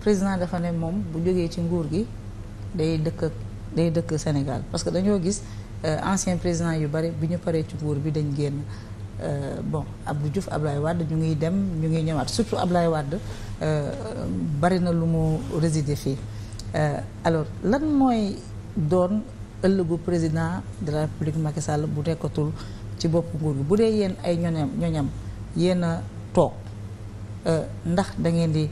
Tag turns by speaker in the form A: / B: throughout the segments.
A: président dafa ne moom bu jógee ci nguur gi day dëkk day dëkk Sénégal parce que dañoo gis euh, ancien président yu bari bi ñu paree ci nguur bi dañ génn euh, bon Abdou Diouf Ablaye Wade ñu ngi dem ñu ngi ñëwaat surtout Ablaye Wade euh, bari na lu mu résider fii alors lan mooy doon ëllëgu président de la République Macky Sall bu nekkatul ci bopp nguur gi bu dee yéen ay ñoñam ñoñam yéen a toog ndax da ngeen di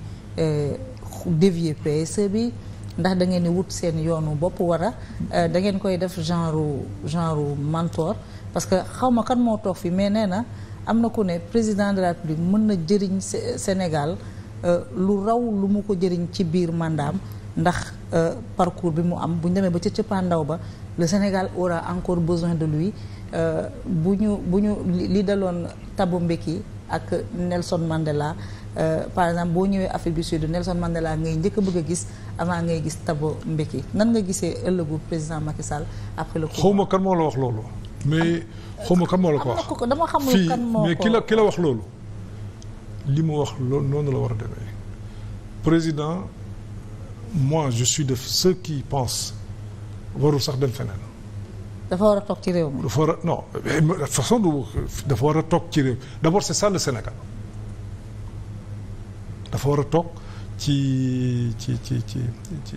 A: dévier PSE bi ndax da ngeen di wut seen yoonu bopp war a euh, da ngeen koy def genre genre mentor parce que xaw ma kan moo toog fii mais nee na am na ko ne président de la République mën na jëriñ Sénégal euh, lu raw lu mu ko jëriñ ci biir mandaam ndax euh, parcours bi mu am bu ñu demee ba ca cëppaandaw ba le Sénégal aura encore besoin de lui bu ñu bu ñu lii daloon Thabo Mbeki ak Nelson Mandela Euh, par exemple boo ñëwee Afrique du Sud Nelson Mandela ngay njëkk a bëgg a gis avant ngay gis Thabo Mbeki nan nga gisee ëllëgu président Macky Sall
B: après le coup. xaw ma kan moo la wax loolu. mais xaw ma kan moo la ko wax
A: dama xamul kan moo ko mais ki
B: la ki la wax loolu. li mu wax loolu noonu la war a demee président moi je suis de ceux qui pensent warul sax dem feneen. dafa war a toog ci réew mi. dafa war a non façon du dafa war a toog ci réew d'abord c'est ça le Sénégal. dafa war a toog ci ci ci ci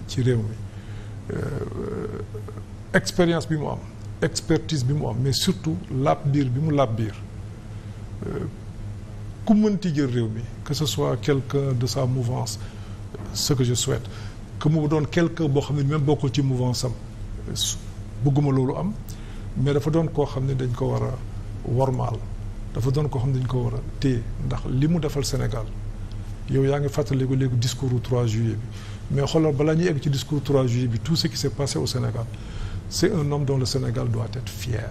B: ci réew mi euh, expérience bi mu am expertise bi mu am mais surtout làpp biir bi mu làpp biir euh, ku mënti jël réew mi que ce soit quelqu'un de sa mouvance ce que je souhaite que mu doon quelqu'un boo xam ne même bokkul ci mouvance am bëgguma loolu am mais dafa doon koo xam ne dañ ko war a wormaal dafa doon koo xam ne dañ ko war a téye ndax li mu defal Sénégal yow yaa ngi fàttaliku léegi discours 3 juillet bi mais xoolal balaa ñu egg ci discours 3 juillet bi tout ce qui s'est passé au Sénégal c'est un homme dont le Sénégal doit être fier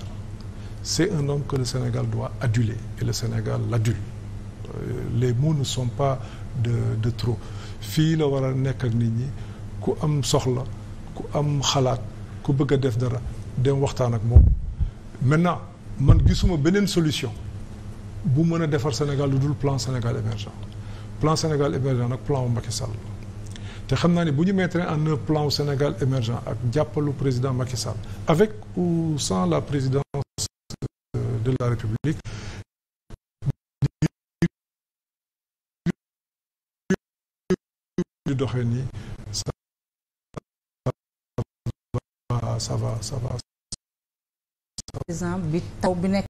B: c'est un homme que le Sénégal doit aduler et le Sénégal l'adule euh, les mots ne sont pas de de trop fii la war a nekk ak nit ñi ku am soxla ku am xalaat ku bëgg a def dara dem waxtaan ak moom maintenant man gisuma beneen solution bu mën a defar Sénégal lu dul plan Sénégal plan Sénégal émergent nag plan wu Macky te xam naa ne bu ñu mettre en œuvre plan wu Sénégal émergent ak jàppalu président Macky Sall avec ou sans la présidence de la République di doxee nii ça va
A: ça